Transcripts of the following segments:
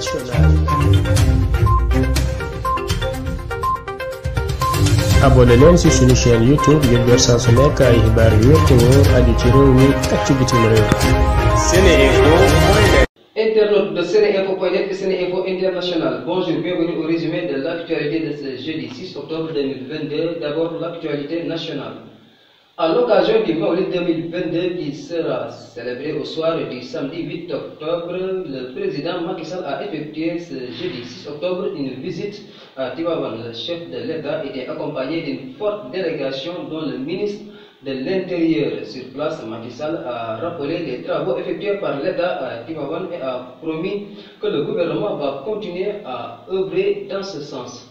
internationale. abonné leen ci suñu chaîne youtube ngir jot saa su nekk ay xibaar mi ak ci bitim réew. seneinfo.net Internaute de seneinfo.net et seneinfo international, bonjour, résumé de l'actualité de ce jeudi 6 octobre 2022. D'abord, l'actualité nationale. À l'occasion du Maulid 2022 qui sera célébré au soir du samedi octobre, le président Macky Sall uh, a effectué ce jeudi octobre une visite à uh, Tiwawan. Le chef de l'État était accompagné d'une forte délégation dont le ministre de l'Intérieur sur place, Macky a rappelé les travaux effectués par l'État à uh, Tiwawan et a promis que le gouvernement va continuer à œuvrer dans ce sens.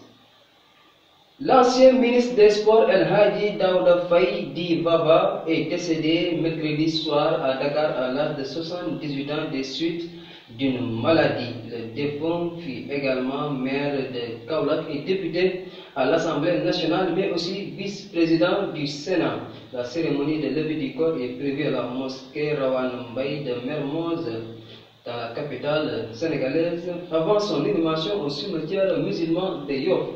L'ancien ministre des Sports El Hadji Daouda Faye dit Baba est décédé mercredi soir à Dakar à l'âge de 78 ans des suites d'une maladie. Le défunt fut également maire de Kaolack et député à l'Assemblée nationale, mais aussi vice-président du Sénat. La cérémonie de levée du corps à la mosquée Rawane Mbaye de Mermoz, dans la capitale sénégalaise, avant son inhumation au cimetière musulman de Yoff.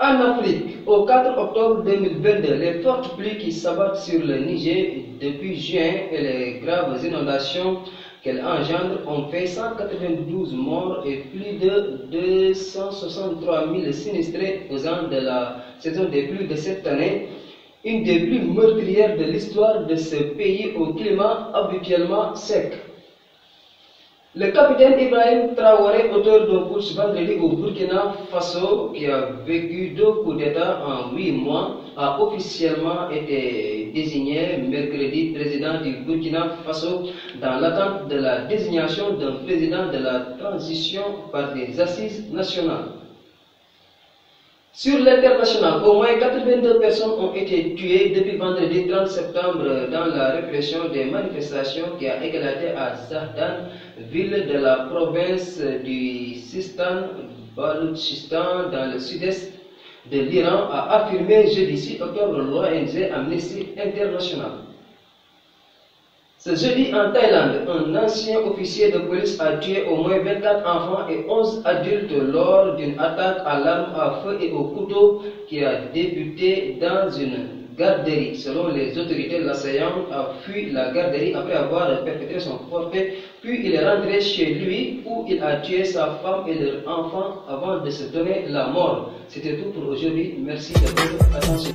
En Afrique, au octobre 2022, les le Niger depuis juin et les graves inondations qu'elles engendrent ont fait 192 morts et plus de 263 000 sinistrés aux la saison des pluies de cette année, une de l'histoire de ce climat habituellement sec. Le capitaine Ibrahim Traoré, auteur de course vendredi au Burkina Faso, qui a vécu deux coups d'État en huit mois, a officiellement été désigné mercredi président du Burkina Faso dans l'attente de la désignation d'un président de la transition par des assises nationales. Sur l'international, au moins 82 personnes ont été tuées depuis vendredi 30 septembre dans des manifestations qui a à Zardan, la province du Sistan, Baloutchistan, dans le Ce jeudi en Thaïlande, un ancien officier de police a tué au moins enfants et adultes lors d'une attaque à l'arme à feu et au couteau qui a débuté dans une garderie. Selon les autorités, l'assaillant a fui la garderie après avoir perpétré son forfait, puis il est rentré chez lui où il a tué sa femme et leur enfant avant de se donner la mort. C'était tout pour aujourd'hui. Merci de votre attention.